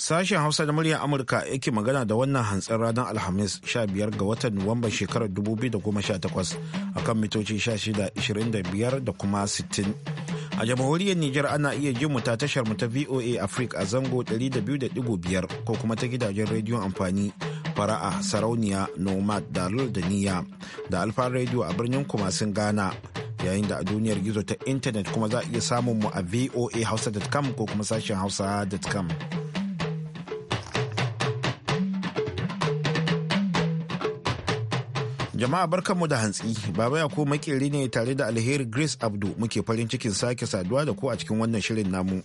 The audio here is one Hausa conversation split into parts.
Sashen Hausa da muryar Amurka yake magana da wannan hantsin ranar Alhamis 15 ga watan Nuwamban shekarar 2018 akan mitoci 1625 da kuma 60. A jamhuriyar Nijar ana iya jin mu ta tashar mu ta VOA Africa a zango 200.5 ko kuma ta gidajen rediyon amfani fara'a sarauniya nomad da da da alfa rediyo a birnin kumasin ghana yayin da a duniyar gizo ta intanet kuma za a iya samun mu a voa hausa.com ko kuma sashen hausa.com Jama'a barkanmu da hantsi, Baba ko makeri ne tare da alheri Grace Abdu muke farin cikin sake saduwa da ku a cikin wannan shirin namu.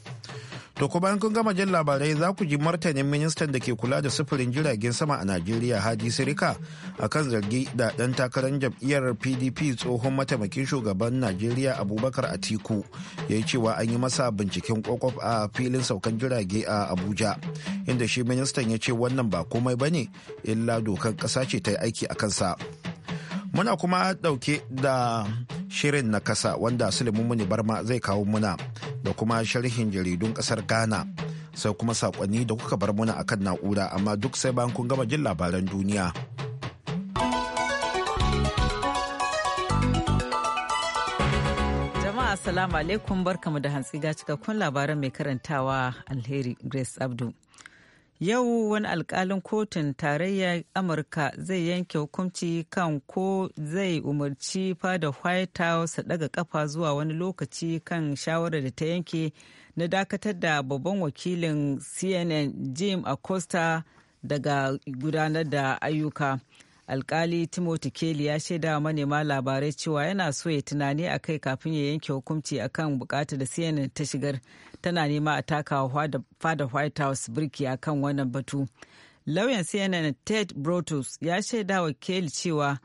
To ko bayan kun gama jin labarai za ku ji martanin ministan da ke kula da sufurin jiragen sama a Najeriya Hadi Sirika kan zargi da dan takarar jam'iyyar PDP tsohon mataimakin shugaban Najeriya Abubakar Atiku ya yi cewa an yi masa binciken kwakwaf a filin saukan jirage a Abuja inda shi ministan ya ce wannan ba komai ba ne illa dokan ƙasa ce ta yi aiki a kansa. muna kuma dauke da shirin na kasa wanda muni barma zai kawo muna da kuma sharhin jaridun kasar ghana sai kuma sakonni da kuka bar muna akan na'ura amma duk sai bayan kun gama jin labaran duniya jama'a assalamu alaikum barkamu da hantsi ga cikakkun labaran mai karantawa alheri grace abdu Yau wani alkalin kotun tarayyar Amurka zai yanke hukunci kan ko zai umarci fada White House daga kafa zuwa wani lokaci kan shawarar da ta yanke na dakatar da babban wakilin CNN Jim Acosta daga gudanar da ayyuka. alkali timothy kelly ya shaida manema labarai cewa yana so ya tunani a kai kafin ya yanke hukunci akan bukatar da cnn ta shigar tana nema a takawa fada white house birki akan wannan batu lauyan cnn ted brotus ya shaida wa kelly cewa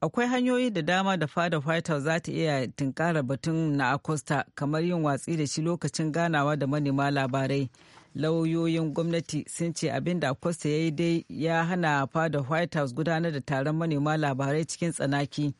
akwai hanyoyi da dama da fada white house za ta iya tunkara batun na acosta kamar yin watsi da shi lokacin ganawa da manema labarai lauyoyin gwamnati sun ce abin da Acosta ya yi dai ya hana fada White House gudanar da taron manema labarai cikin tsanaki.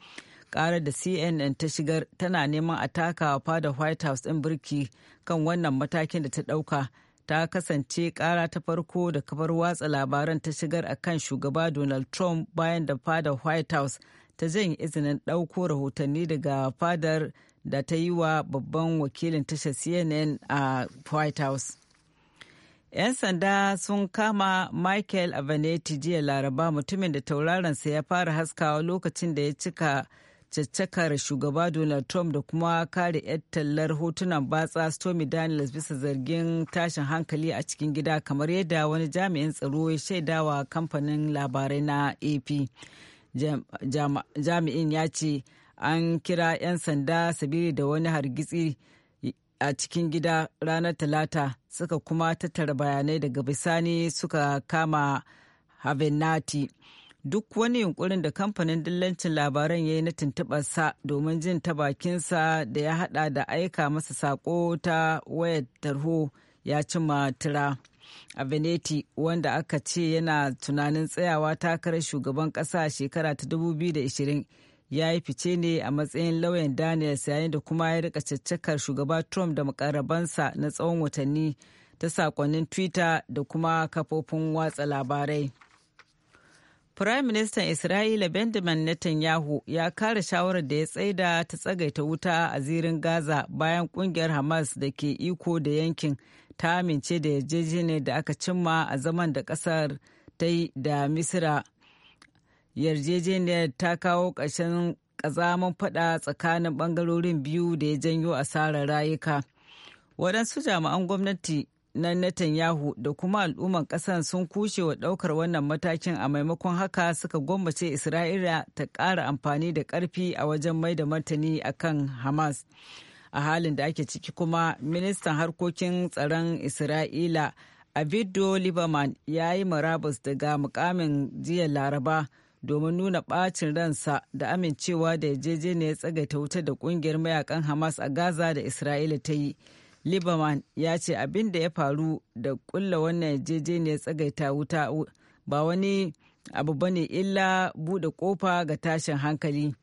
kara da CNN ta shigar tana neman a taka fada White House ɗin birki kan wannan matakin da ta ɗauka. Ta kasance kara ta farko da kafar watsa labaran ta shigar a kan shugaba Donald Trump bayan da fada White House ta janye izinin ɗauko rahotanni daga fadar da ta yi wa babban wakilin tashar CNN a White House. 'Yan sanda sun kama Michael Avanetti jiya Laraba mutumin da tauraronsa ya fara haskawa lokacin da ya cika caccakar shugaba Donald Trump da kuma kare 'yar tallar hotunan batsa Stormy Daniels bisa zargin tashin hankali a cikin gida kamar yadda wani jami'in tsaro ya shaidawa kamfanin labarai na AP. Jami'in ya ce an kira 'yan sanda sabili da wani hargitsi. a cikin gida ranar talata suka kuma tattara bayanai daga bisani suka kama havenati duk wani yunkurin da kamfanin dillancin labaran ya yi na tuntuɓarsa domin jin ta bakinsa da ya hada da aika masa sako ta wayar tarho ya ci tira a veneti wanda aka ce yana tunanin tsayawa takarar shugaban ƙasa shekara ta 2020 ya yi fice ne a matsayin lauyan Daniel yayin da kuma ya rika caccakar shugaba trump da makarabansa na tsawon watanni ta sakonnin twitter da kuma kafofin watsa labarai Prime Minister Isra'ila Benjamin Netanyahu ya kare shawarar da ya tsaida ta tsagaita wuta a zirin Gaza bayan kungiyar Hamas da ke iko da yankin ta amince da yarjejeniyar da aka cimma a zaman da kasar ta yi da Misira yarjejeniyar ta kawo ƙarshen ƙazaman faɗa tsakanin ɓangarorin biyu da ya janyo asarar rayuka waɗansu jami'an gwamnati na Netanyahu da kuma al'umman ƙasar sun kushe wa ɗaukar wannan matakin a maimakon haka suka gwammace Isra'ila ta ƙara amfani da ƙarfi a wajen mai da martani a kan Hamas. A halin da ake ciki kuma, ministan harkokin tsaron Isra'ila Avido Liberman ya yi marabus daga mukamin jiya Laraba domin nuna ɓacin ransa da amincewa da yarjejeniyar tsagaita wuta da ƙungiyar mayakan Hamas a Gaza da Isra'ila ta yi. Liberman ya ce abin da ya faru da ƙulla wannan yarjejeniyar tsagaita wuta ba wani abu bane illa buɗe ƙofa ga tashin hankali.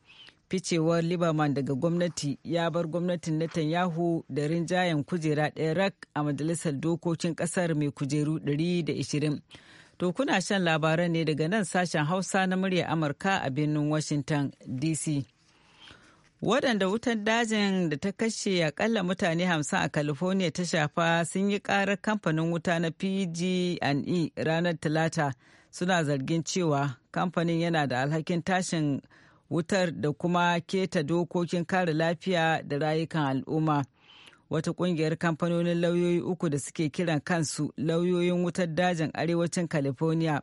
Ficewar Liberman daga gwamnati ya bar gwamnatin Netanyahu da rinjayen kujera ɗaya rak a majalisar dokokin ƙasar mai kujeru 120. To kuna shan labaran ne daga nan sashen Hausa na murya Amurka a birnin Washington DC. Waɗanda wutar dajin da ta kashe akalla mutane hamsin a California ta shafa sun yi ƙarar kamfanin wuta na PG&E ranar Talata suna zargin cewa kamfanin yana da alhakin tashin wutar da kuma keta dokokin kare lafiya da rayukan al'umma. wata kungiyar kamfanonin lauyoyi uku da suke kiran kansu lauyoyin wutar dajin arewacin california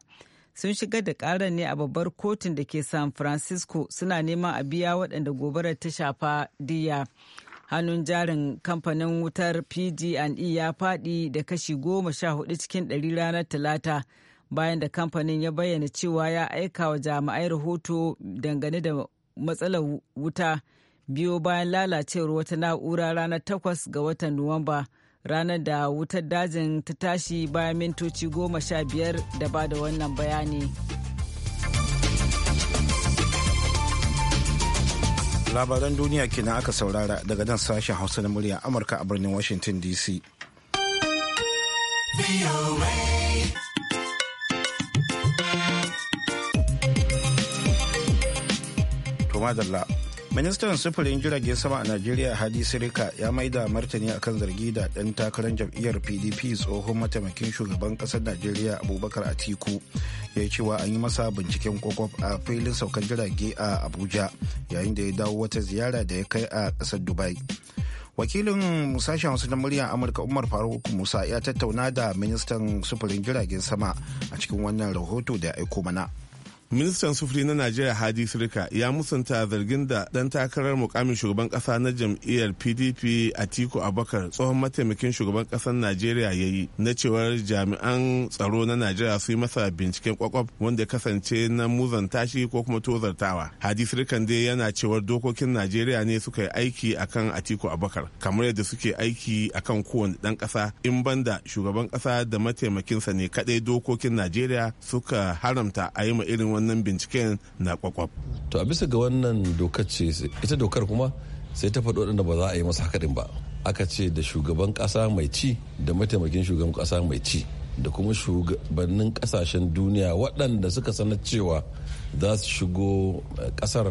sun shigar da karar ne a babbar kotun da ke san francisco suna neman a biya waɗanda gobarar ta shafa diya hannun jarin kamfanin wutar pg&e ya faɗi da kashi goma sha hudu cikin ɗari ranar talata bayan da kamfanin ya bayyana cewa ya aika wa jami'ai rahoto dangane da matsalar wuta biyo bayan lalacewar wata na'ura ranar takwas ga watan nuwamba ranar da wutar dajin ta tashi bayan mintoci goma sha biyar da ba da wannan bayani labaran duniya kenan aka saurara daga nan sashen hausa na murya amurka a birnin washington dc to madalla ministan sufurin jiragen sama a najeriya hadi sirika ya maida martani akan zargi da ɗan takarar jam'iyyar pdp tsohon mataimakin shugaban ƙasar najeriya abubakar atiku ya yi cewa an yi masa binciken kwakwaf a filin saukan jirage a abuja yayin da ya dawo wata ziyara da ya kai a ƙasar dubai wakilin sashen wasu na muryar amurka umar faruk musa ya tattauna da ministan sufurin jiragen sama a cikin wannan rahoto da ya aiko mana. ministan sufuri na najeriya hadi sirika ya musanta zargin da dan takarar mukamin shugaban kasa na jam'iyyar pdp a atiku abakar tsohon mataimakin shugaban kasar najeriya ya yi na cewar jami'an tsaro na najeriya su yi masa binciken kwakwaf wanda ya kasance na muzan tashi ko kuma tozartawa hadi sirikan dai yana cewar dokokin najeriya ne suka yi aiki akan atiku abakar kamar yadda suke aiki akan kowane dan kasa in banda shugaban kasa da mataimakinsa ne kadai dokokin najeriya suka haramta a yi ma irin wannan binciken na kwakwaf. To a bisa ga wannan dokar ce ita dokar kuma sai ta faɗo waɗanda ba za a yi masa hakarin ba. Aka ce da shugaban ƙasa mai ci da mataimakin shugaban ƙasa mai ci da kuma shugabannin ƙasashen duniya waɗanda suka sanar cewa za su shigo eh, ƙasar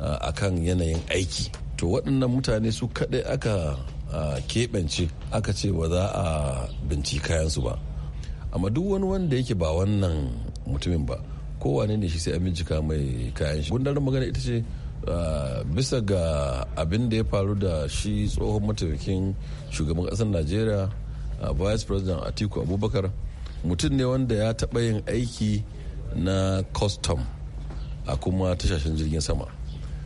eh, a kan yanayin aiki. To waɗannan mutane su kaɗai aka eh, keɓance aka ce ba za a binci kayansu ba. Amma duk wani wanda yake ba wannan mutumin ba. kowane ne shi sai a bincika mai kayan shi gundarin magana ita ce ah, bisa ga abin da ya faru da shi tsohon mataimakin shugaban kasar najeriya ah, vice president atiku abubakar mutum ne wanda ya taɓa yin aiki na custom a kuma tashashen jirgin sama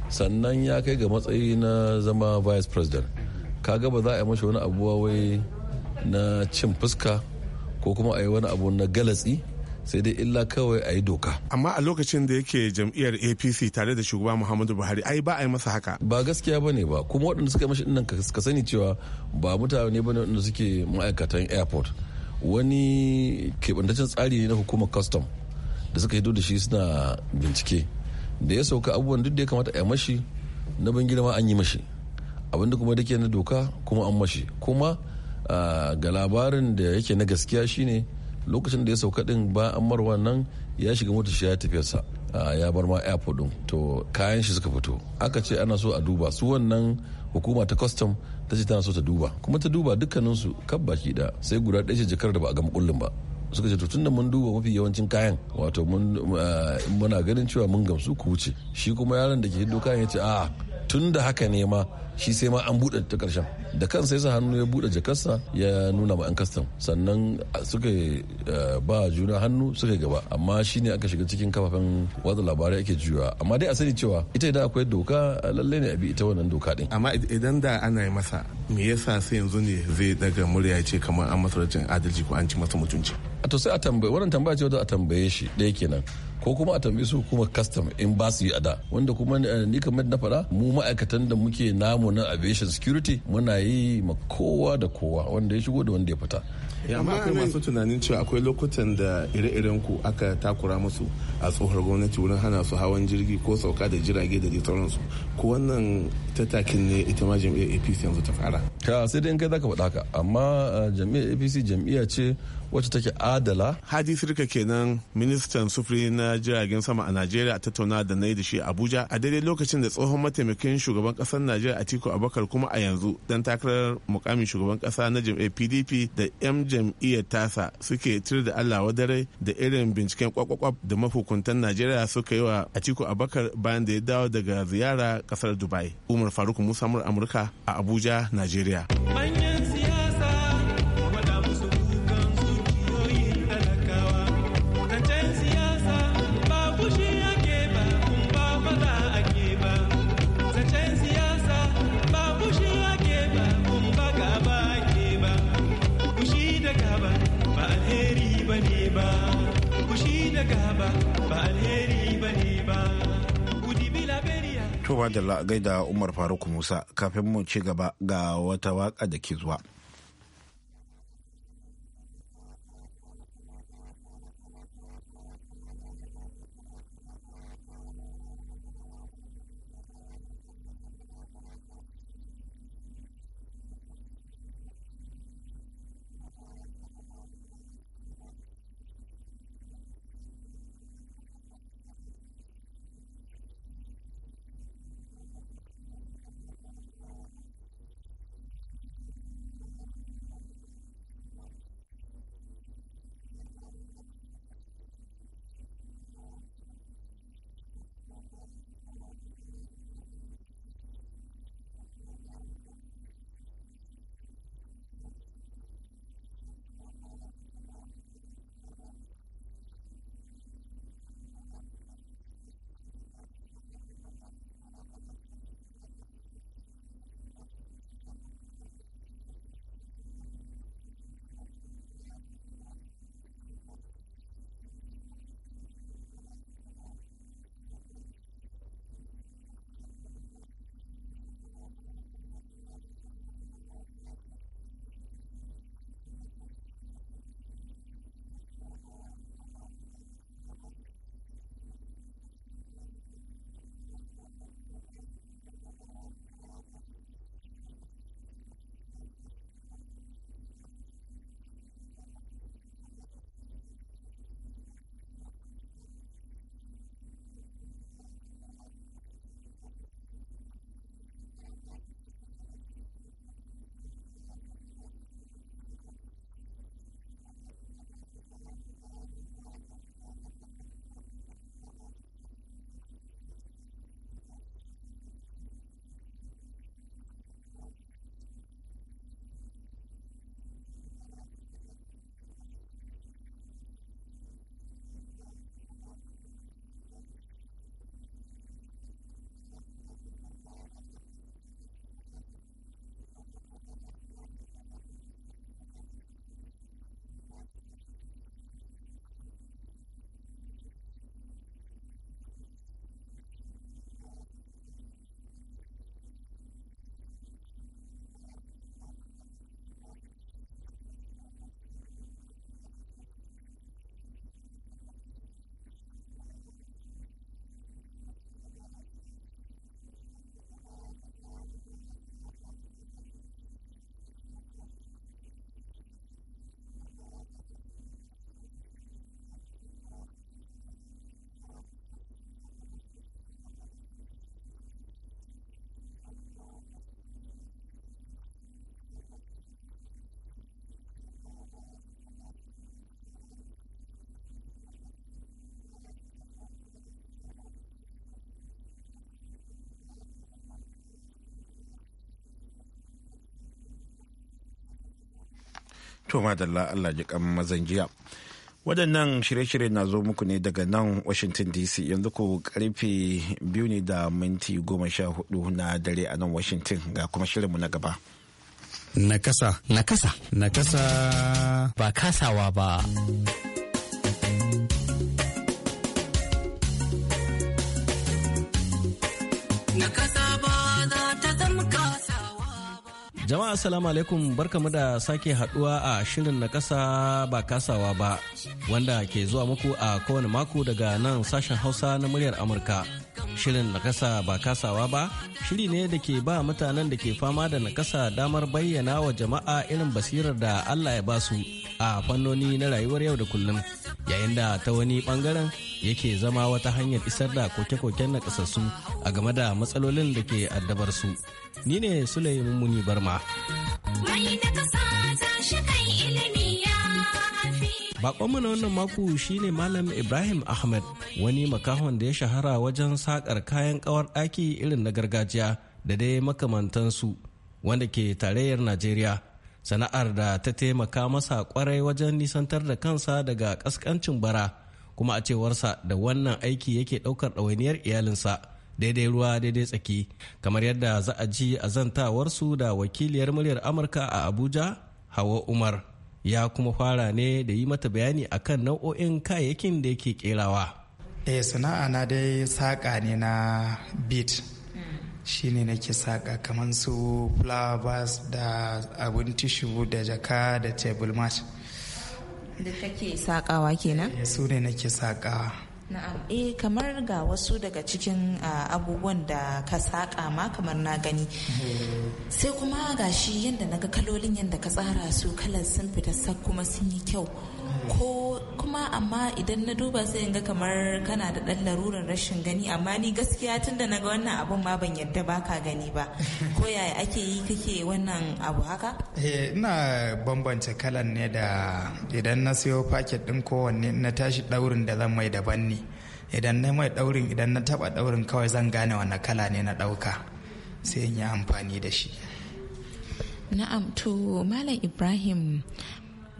sannan ya kai ga matsayi na zama vice president kaga ba za a yi mashi wani abu wai na cin fuska ko kuma a yi wani abu na galatsi sai dai illa kawai a yi doka amma a lokacin da yake jam'iyyar apc tare da shugaba muhammadu buhari ai ba a yi masa haka ba gaskiya ba ne ba kuma waɗanda suka yi mashi ɗinnan ka sani cewa ba mutane ba ne waɗanda suke ma'aikatan airport wani keɓantaccen tsari ne na hukumar custom da suka hito da shi suna bincike da ya sauka abubuwan duk da ya kamata a mashi na ban girma an yi mashi abinda kuma da ke na doka kuma an mashi kuma ah, ga labarin da yake na gaskiya shine lokacin da ya sauka din ba an mar nan ya shiga motar shi ya tafiyarsa ya bar ma airport din to kayan shi suka fito aka ce ana so a duba su wannan hukuma ta custom ta ce tana so ta duba kuma ta duba dukkanin su kab baki da sai guda ɗaya ce jakar da ba a ga mukullin ba suka ce to tunda mun duba mafi yawancin kayan wato mun muna ganin cewa mun gamsu ku wuce shi kuma yaron da ke hiddo kayan ya ce a ah, tun da haka ne ma shi sai ma an buɗe ta ƙarshen da kan sai sa hannu ya buɗe jakarsa ya nuna ma 'yan kastam sannan suka eh, ba juna hannu suka gaba amma shi ne aka shiga cikin kafafen watsa labarai ake juya amma dai a sani cewa ita idan akwai doka lallai ne a bi ita wannan doka din amma idan da ana yi masa me yasa sai yanzu ne zai daga murya ce kamar an masa rajin adalci ko an ci masa mutunci a to sai a tambaye wannan tambaya ce wadda a tambaye shi ɗaya kenan ko kuma a tambayi su hukumar custom in ba su yi a da wanda kuma eh, ni kamar na faɗa mu ma'aikatan da muke namu na aviation security muna yi ma kowa da kowa wanda ya shigo da wanda ya fita amma akwai masu tunanin cewa akwai lokutan da ire-iren ku aka takura musu a tsohon gwamnati wurin hana su hawan jirgi ko sauka da jirage da sauransu ko wannan ta takin ne ita ma jam'iyyar apc yanzu ta fara ka sai dai in kai zaka faɗa haka amma jam'iyyar apc jam'iyya ce wacce take adala hadi sirka kenan ministan sufuri na jiragen sama a najeriya tattauna da na yi da shi abuja a daidai lokacin da tsohon mataimakin shugaban kasar najeriya atiku abakar kuma a yanzu dan takarar mukamin shugaban kasa na jam'iyyar pdp da yan jam'iyyar tasa suke tir da allah wadare da irin binciken kwakwakwa da mahukuntan najeriya suka yi wa atiku abakar bayan da ya dawo daga ziyara kasar dubai umar faruk musa amurka a abuja najeriya madalla gaida Umar Faruk Musa kafin mu ci gaba ga wata waka da ke zuwa. to madalla Allah ji kan mazan jiya waɗannan shirye-shirye na zo muku ne daga nan washington dc yanzu ku karfe biyu ne da minti goma sha hudu na dare a nan washington ga kuma shirinmu na gaba nakasa nakasa nakasa ba kasawa ba Jama'a salamu alaikum barkamu da sake haduwa a shirin na kasa ba kasawa ba wanda ke zuwa muku a kowane mako daga nan sashen Hausa na muryar Amurka. Shirin na kasa ba kasawa ba shiri ne da ke ba mutanen da ke fama da nakasa damar bayyana wa jama'a irin basirar da Allah ya basu a fannoni na rayuwar yau da kullum yayin da ta wani bangaren yake zama wata hanyar isar da koke-koken na kasassu a game da matsalolin da ke addabar su ni ne suleiman muni barma Bakonmu na wannan mako shine Malam Ibrahim Ahmed wani makahon da ya shahara wajen sakar kayan kawar ɗaki irin na gargajiya da dai makamantansu wanda ke tarayyar Najeriya. sana'ar da ta taimaka masa kwarai wajen nisantar da kansa daga kaskancin bara kuma a cewarsa da wannan aiki yake ɗaukar ɗawainiyar iyalinsa daidai ruwa daidai tsaki kamar yadda za a ji a zantawarsu da wakiliyar muryar amurka a abuja hawa umar ya kuma fara ne da yi mata bayani akan nau'o'in kayayyakin da yake kerawa. Eh, sana'a na dai saƙa ne na bit Shi ne nake saka kamar su flowers da abun tishu da jaka da table mat. da kake sakawa kenan eh, su ne nake sakawa na'am eh kamar ga wasu daga cikin ah, abubuwan da ka saƙa ma kamar na gani eh. sai kuma ga shi yadda ga kalolin yadda ka tsara su kalar sun fita sak kuma sun yi kyau eh. ko kuma amma idan na duba sai in ga kamar kana da ɗan larurar rashin gani amma ni gaskiya tun da naga wannan abun ma ban yadda ba ka gani ba ko yaya ake yi kake wannan abu haka eh ina bambance kalan ne da idan na siyo paket din kowanne na tashi daurin da zan mai daban ne idan na mai daurin idan na taba daurin kawai zan gane wani kala ne na ɗauka sai in yi amfani da shi na'am to malam ibrahim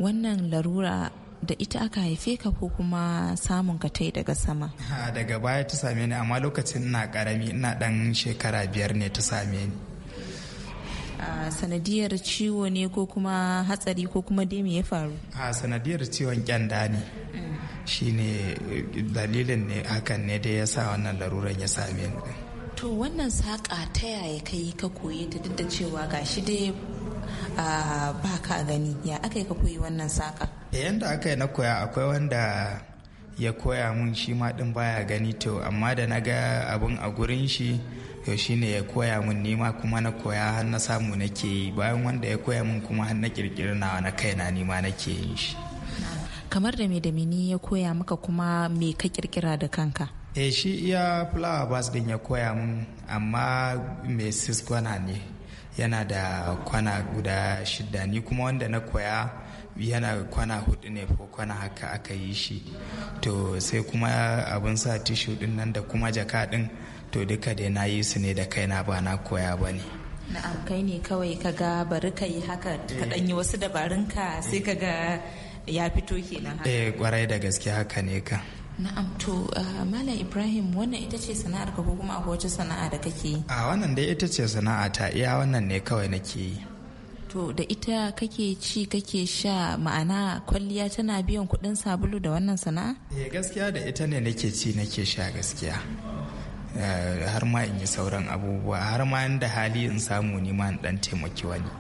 wannan larura da ita aka haife ka ko kuma samun ka tai daga sama ha daga baya ta same ni amma lokacin ina karami ina dan shekara biyar ne ta same ni sanadiyar ciwo ne ko kuma hatsari ko kuma dai me ya faru a sanadiyar ciwon kyanda ne shine dalilin ne hakan ne da ya sa wannan laruran ya same ni to wannan saƙa ta yaya kai ka koyi ta duk da cewa gashi dai ba ka gani ya aka yi ka koyi wannan saƙa yanda aka yi na koya akwai wanda ya koya mun shi ma din baya gani to amma da na ga abun a gurin shi to shine ya koya mun nima kuma na koya har na samu nake yi bayan wanda ya koya mun kuma har na kirkiri nawa na kaina nima nake yin shi kamar da me da ni ya koya maka kuma me ka kirkira da kanka eh shi iya flower bus din ya koya mun amma me sis kwana ne yana da kwana guda shida ni kuma wanda na koya yana kwana hudu ne ko kwana haka aka yi shi to sai kuma abin sa tishu din nan da kuma jaka din to duka dai na yi su ne da kaina ba na koya ba ne na'am kai ne kawai ka ga bari ka yi haka ka dan yi wasu dabarun ka sai ka ga ya fito kenan haka eh kwarai da gaske haka ne ka na'am to ah, malam ibrahim wannan ita ce sana'ar ka ko kuma akwai wata sana'a da kake yi a ah, wannan dai ita ce sana'a ta iya wannan ne kawai nake yi to da ita kake ci kake sha ma'ana kwalliya tana biyan kuɗin sabulu da wannan sana'a eh, gaskiya da ita ne nake ci nake sha gaskiya eh, har ma in yi sauran abubuwa har ma da hali in samu ni ma dan taimaki wani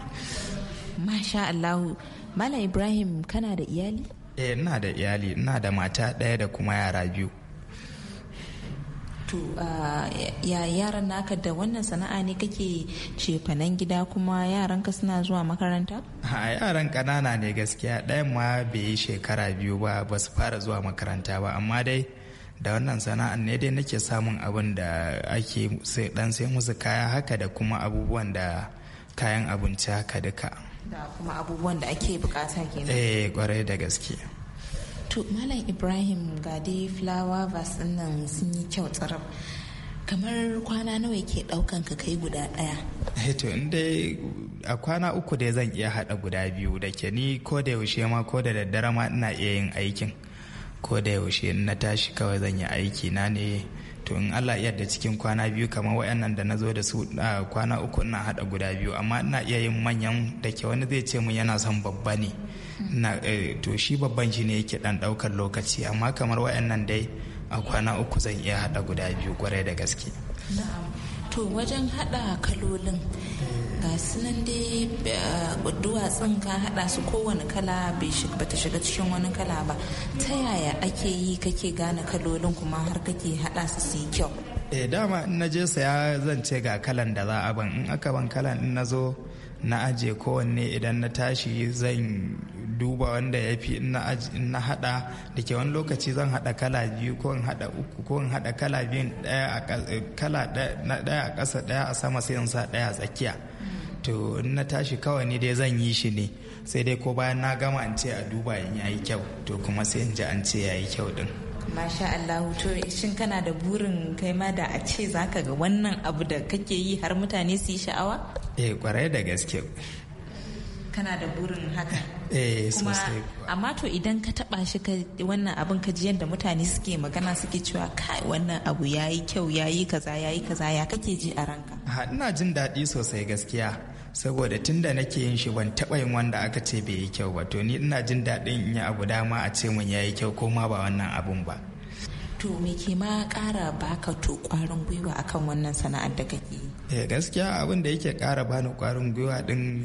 masha Allahu Malam Ibrahim kana da iyali eh, ina da iyali ina da mata ɗaya da kuma yara biyu to ya yaran naka da wannan sana'a ne kake cefanen gida kuma yaran ka suna zuwa makaranta a yaran kanana ne gaskiya ɗayan ma bai yi shekara biyu ba ba su fara zuwa makaranta ba amma dai da wannan sana'an ne dai nake samun abin da ake dan sai musu kaya haka da kuma abubuwan da kayan abinci haka duka da kuma abubuwan da ake bukata kenan eh kwarai da gaske to malam ibrahim ga dai fulawa nan sun yi kyau tsarab kamar kwana nawa ke daukan ka kai guda daya eh to in dai a kwana uku da zan iya hada guda biyu da ke ni ko da yaushe ma ko da daddare ma ina iya yin aikin ko da yaushe na tashi kawai zan yi aiki na ne to in Allah iya yarda cikin kwana biyu kamar wayannan da na zo da su kwana uku ina hada guda biyu amma ina iya yin manyan da ke wani zai ce mun yana son babba ne na eh, to shi babban shi ne yake dan daukar lokaci amma kamar wayannan dai a kwana uku zan iya hada guda biyu kwarai da gaske to wajen hada kalolin ga nan dai eh, duwatsun ka hada su kowane kala ba ta shiga cikin wani kala ba ta yaya ake yi kake gane kalolin kuma har kake hada su su yi kyau eh dama in na je saya zan ce ga kalan da za a ban in aka ban kalan in na zo na aje kowanne idan na tashi zan duba wanda ya fi na hada da ke wani lokaci zan hada kala biyu ko in hada uku ko in hada kala biyun daya a eh, kasa daya a sama sai in sa daya a tsakiya to in na tashi kawai ne dai zan yi shi ne sai dai ko bayan na gama an ce a duba in yayi kyau to kuma sai in ji an ce yayi kyau din masha Allah to shin kana da burin kai ma da a ce zaka ga wannan abu da kake yi har mutane su yi sha'awa eh kwarai da gaske kana da burin haka Eh, amma to idan ka taba shi ka wannan abin ka ji yadda mutane suke magana suke cewa kai wannan abu ya yi kyau ya yi kaza ya yi kaza ya kake ji a ranka ina jin daɗi sosai gaskiya saboda tun da nake yin shi ban taɓa yin wanda aka ce bai yi kyau ba to ni ina jin daɗin in yi abu dama a ce mun ya yi kyau ko ma ba wannan abun ba to me ke ma ƙara baka to ƙwarin gwiwa akan wannan sana'ar da kake yi eh, gaskiya abin da yake ƙara bani ƙwarin gwiwa din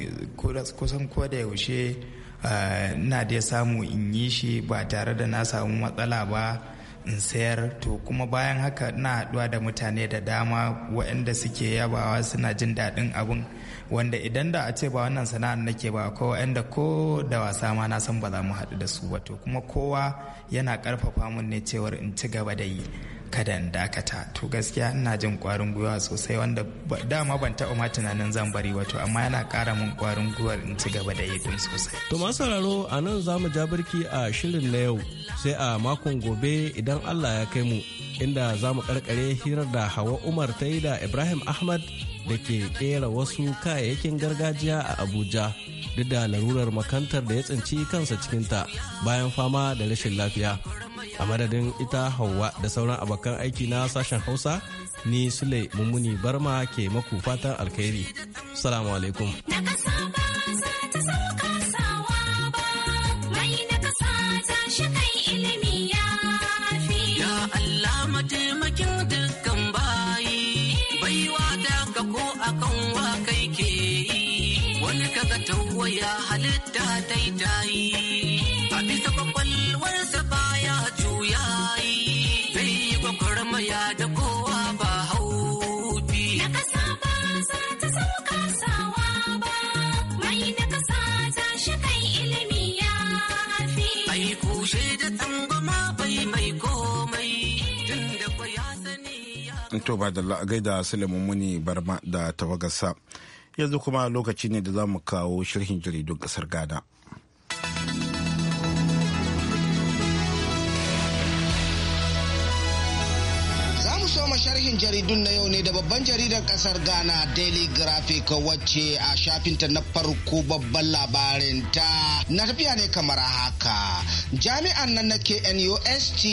kusan ko da yaushe Eh, na da samu in yi shi ba tare da na samu matsala ba in sayar to kuma bayan haka na haɗuwa da mutane da dama waɗanda suke yabawa suna jin daɗin abin wanda idan da a ce ba wannan sana'ar nake ba ko waɗanda ko da wasa ma na san ba za mu haɗu da su ba to kuma kowa yana ƙarfafa mun ne cewar in ci gaba da yi kada in dakata to gaskiya ina jin kwarin gwiwa sosai wanda dama ban taɓa ma tunanin zan bari wato amma yana ƙara min kwarin gwiwar in ci gaba da yi din sosai. To masu sauraro a nan za mu ja birki a shirin na yau sai a makon gobe idan Allah ya kai mu inda za mu karkare hirar da Hawa Umar ta yi da Ibrahim Ahmad da ke ƙera wasu kayayyakin gargajiya a Abuja duk da larurar makantar da ya tsinci kansa cikinta bayan fama da rashin lafiya. a madadin ita hauwa da sauran abokan aiki na sashen hausa ni sule mummuni barma ke maku fatan alkhairi salamu alaikum Wani kaga tauwaya halitta daidai a bisa kwakwalwa to ba da gaida Suleiman Muni Barma da tawagarsa. Yanzu kuma lokaci ne da za mu kawo shirhin jaridun ƙasar Ghana. tarihin jaridun na yau ne da babban jaridar kasar Ghana Daily Graphic wacce a shafinta na farko babban labarin na tafiya ne kamar haka. Jami'an nan na KNUST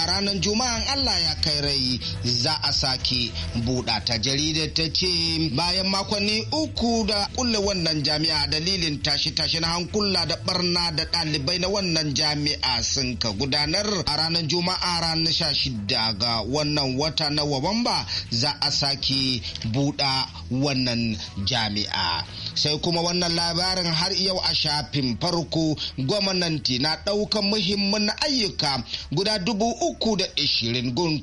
a ranar Juma'an Allah ya kai rai za a sake buɗa ta jaridar ta ce bayan makonni uku da kulle wannan jami'a dalilin tashi-tashi na hankula da barna da ɗalibai na wannan jami'a sun ka gudanar a ranar Juma'a ranar 16 ga wannan wata na waban Nuwamba za a sake buɗa wannan jami'a. sai kuma wannan labarin har yau a shafin farko gwamnati na ɗaukan muhimmin ayyuka guda dubu uku da ishirin gun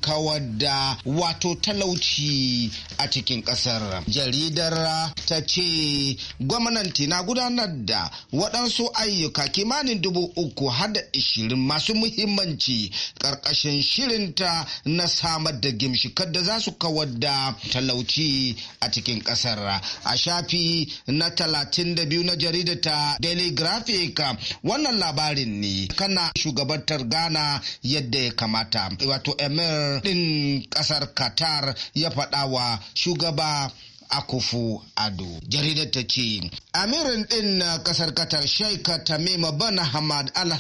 da wato talauci a cikin ƙasar jaridar ta ce gwamnati na gudanar da waɗansu ayyuka kimanin dubu uku har da ishirin masu muhimmanci ƙarƙashin shirinta na samar da gimshikar da za su kawar da talauci a cikin ƙasar a shafi na 32 na jaridar ta Daily Graphic wannan labarin ne kana shugabantar Ghana yadda ya kamata. Wato Emir ɗin ƙasar Qatar ya faɗa wa shugaba akufu ado jaridar ta ce amirin din na kasar katar shaika tamima bana hamad al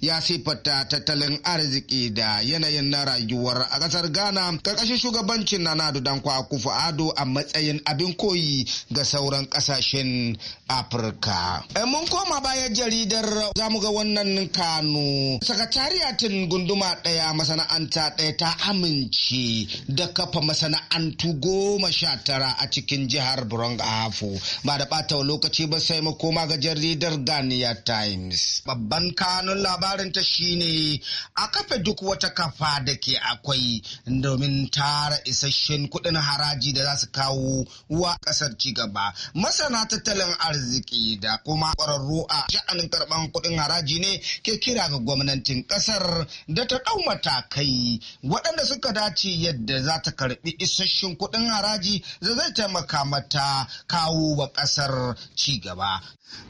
ya sifata tattalin arziki da yanayin na rayuwar a kasar ghana karkashin shugabancin nana dan akufu ado a matsayin abin koyi ga sauran kasashen afirka eh, mun koma bayan jaridar zamu ga wannan kano sakatariyatin gunduma ɗaya masana'anta ɗaya ta amince da kafa masana'antu goma sha tara a cikin jihar Brong Ahafo. Ba da ɓata lokaci ba sai makoma ga jaridar Ghana Times. Babban kanun labarin ta shine a kafe duk wata kafa da ke akwai domin tara isasshen kuɗin haraji da za su kawo wa ƙasar cigaba. Masana tattalin arziki da kuma ƙwararru a sha'anin karɓan kuɗin haraji ne ke kira ga gwamnatin ƙasar da ta ɗau matakai waɗanda suka dace yadda za ta karɓi isasshen kuɗin haraji da zai taimaka mata kawo wa ƙasar cigaba.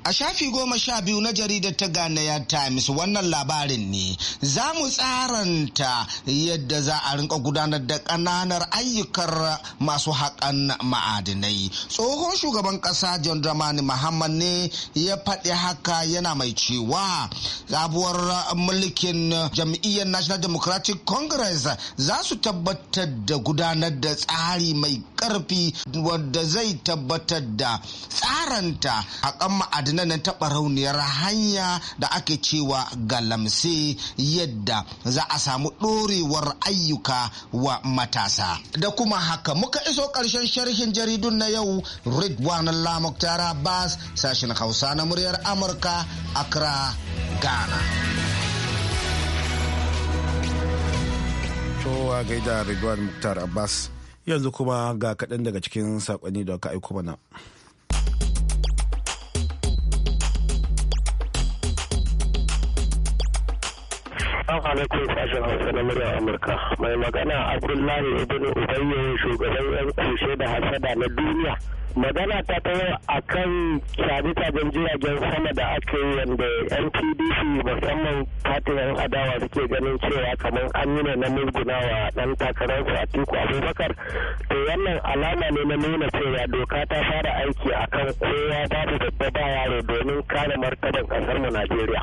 A shafi goma sha biyu na jaridar ta Ghanaian Times wannan labarin ne za mu tsaranta yadda za a rinka gudanar da ƙananar ayyukan masu haƙan ma'adinai. Tsohon shugaban ƙasa John Dramani Muhammad ne ya faɗi haka yana mai cewa sabuwar mulkin jam'iyyar National Democratic Congress za su tabbatar da gudanar da tsari mai ƙarfi wanda zai tabbatar da tsaranta haƙan ma'adinan nan taɓa rauniyar hanya da ake cewa galamse yadda za a samu ɗorewar ayyuka wa matasa da kuma haka muka iso ƙarshen sharhin jaridun na yau ridwan tara bas sashen hausa na muryar amurka accra ghana Kowa gaida Ridwan Muktar Abbas yanzu kuma ga kaɗan daga cikin saƙonni da aka aiko mana. Assalamu alaikum sashen Hausa na muryar Amurka. Mai magana Abdullahi Ibn Ubayyo shugaban 'yan kushe da hasada na duniya. magana ta ta a kan sabi jiragen sama da aka yi wanda npdc musamman fatin adawa suke ganin cewa kamar an yi na musguna wa dan takararsu a tiku abubakar to wannan alama ne na nuna cewa doka ta fara aiki a kan kowa babu babba ba yaro domin kare martaban kasar mu najeriya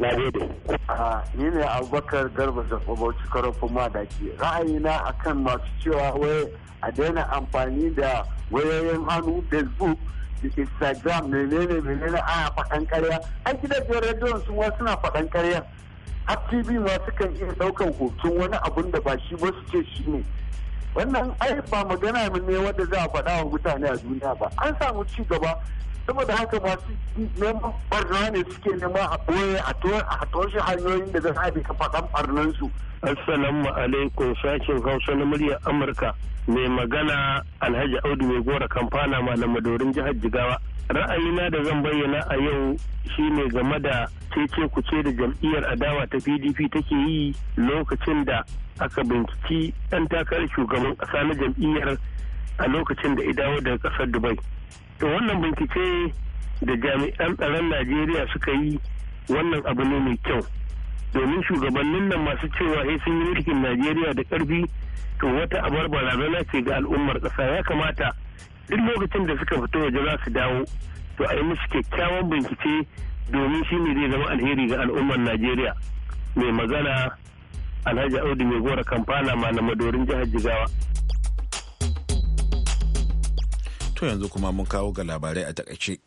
na gode ni ne abubakar garba zaɓa bauchi karofin madaki ra'ayina a kan masu cewa wai a daina amfani da wayoyin hannu facebook instagram menene menene a faɗan karya an da rediyon sun wasu suna faɗan karya har tv ma sukan iya ɗaukan hoton wani abun da ba shi ba su ce shi ne wannan ai ba magana ne wanda za a faɗa wa mutane a duniya ba an samu ci gaba saboda haka masu neman barna ne suke neman a ɓoye a toshe hanyoyin da za a bi faɗan su. Assalamu alaikum sashen Hausa na murya Amurka mai magana Alhaji Audu mai gora kamfana malam Madorin jihar Jigawa. Ra'ayina da zan bayyana a yau shine game da cece kuce da jam'iyyar adawa ta PDP take yi lokacin da aka binciki ɗan takarar shugaban ƙasa na jam'iyyar a lokacin da dawo daga ƙasar Dubai. to wannan bincike da jami'an tsaron najeriya suka yi wannan abu ne mai kyau domin shugabannin nan masu cewa sai eh, sun yi mulkin najeriya da karfi to wata abar barazana ce ga al'ummar ƙasa ya kamata duk lokacin da suka fito waje za su dawo to a yi musu kyakkyawan bincike domin shi ne zai zama alheri ga al'ummar najeriya mai magana alhaji audu mai gora kamfana malamadorin jihar jigawa to yanzu kuma mun kawo ga labarai a takaice.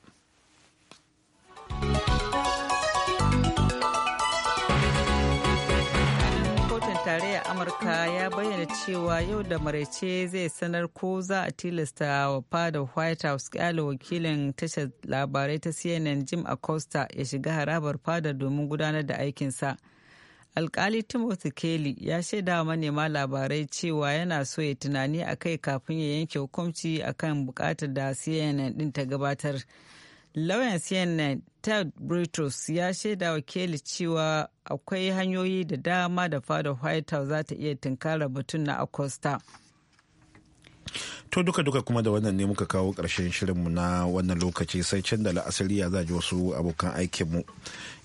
Kotun tarayya Amurka ya bayyana cewa yau da maraice zai sanar ko za a tilasta wa fada White House kyale wakilin tashar labarai ta CNN Jim Acosta ya shiga harabar fada domin gudanar da aikinsa. alkali timothy kelly ya shaida wa manema labarai cewa yana so ya tunani a kai kafin ya yanke hukunci kan bukatar da cnn din ta gabatar lauyan cnn ted britos ya shaida wa kelly cewa akwai hanyoyi da dama da fada white house za ta iya tunkarar batun na acosta To duka-duka kuma da wannan ne muka kawo ƙarshen shirinmu na wannan lokaci sai can da la'asari ya zaji wasu abokan aikinmu.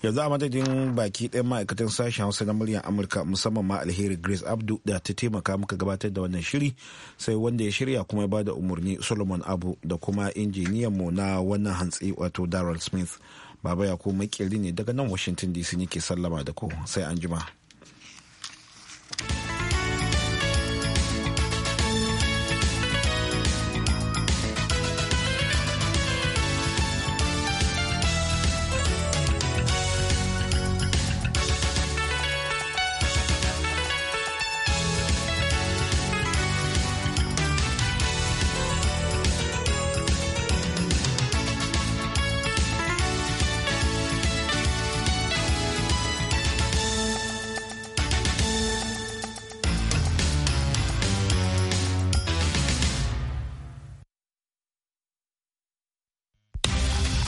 Yanzu a madadin baki ɗayan ma'aikatan sashen Hausa na muryar Amurka musamman ma alheri Grace Abdu da ta taimaka muka gabatar da wannan shiri sai wanda ya shirya kuma ya bada umarni Solomon Abu da kuma injiniyan mu na wannan hantsi wato Darrell Smith. Baba ya ko makeri ne daga nan Washington DC ne ke sallama da ku sai anjima. jima.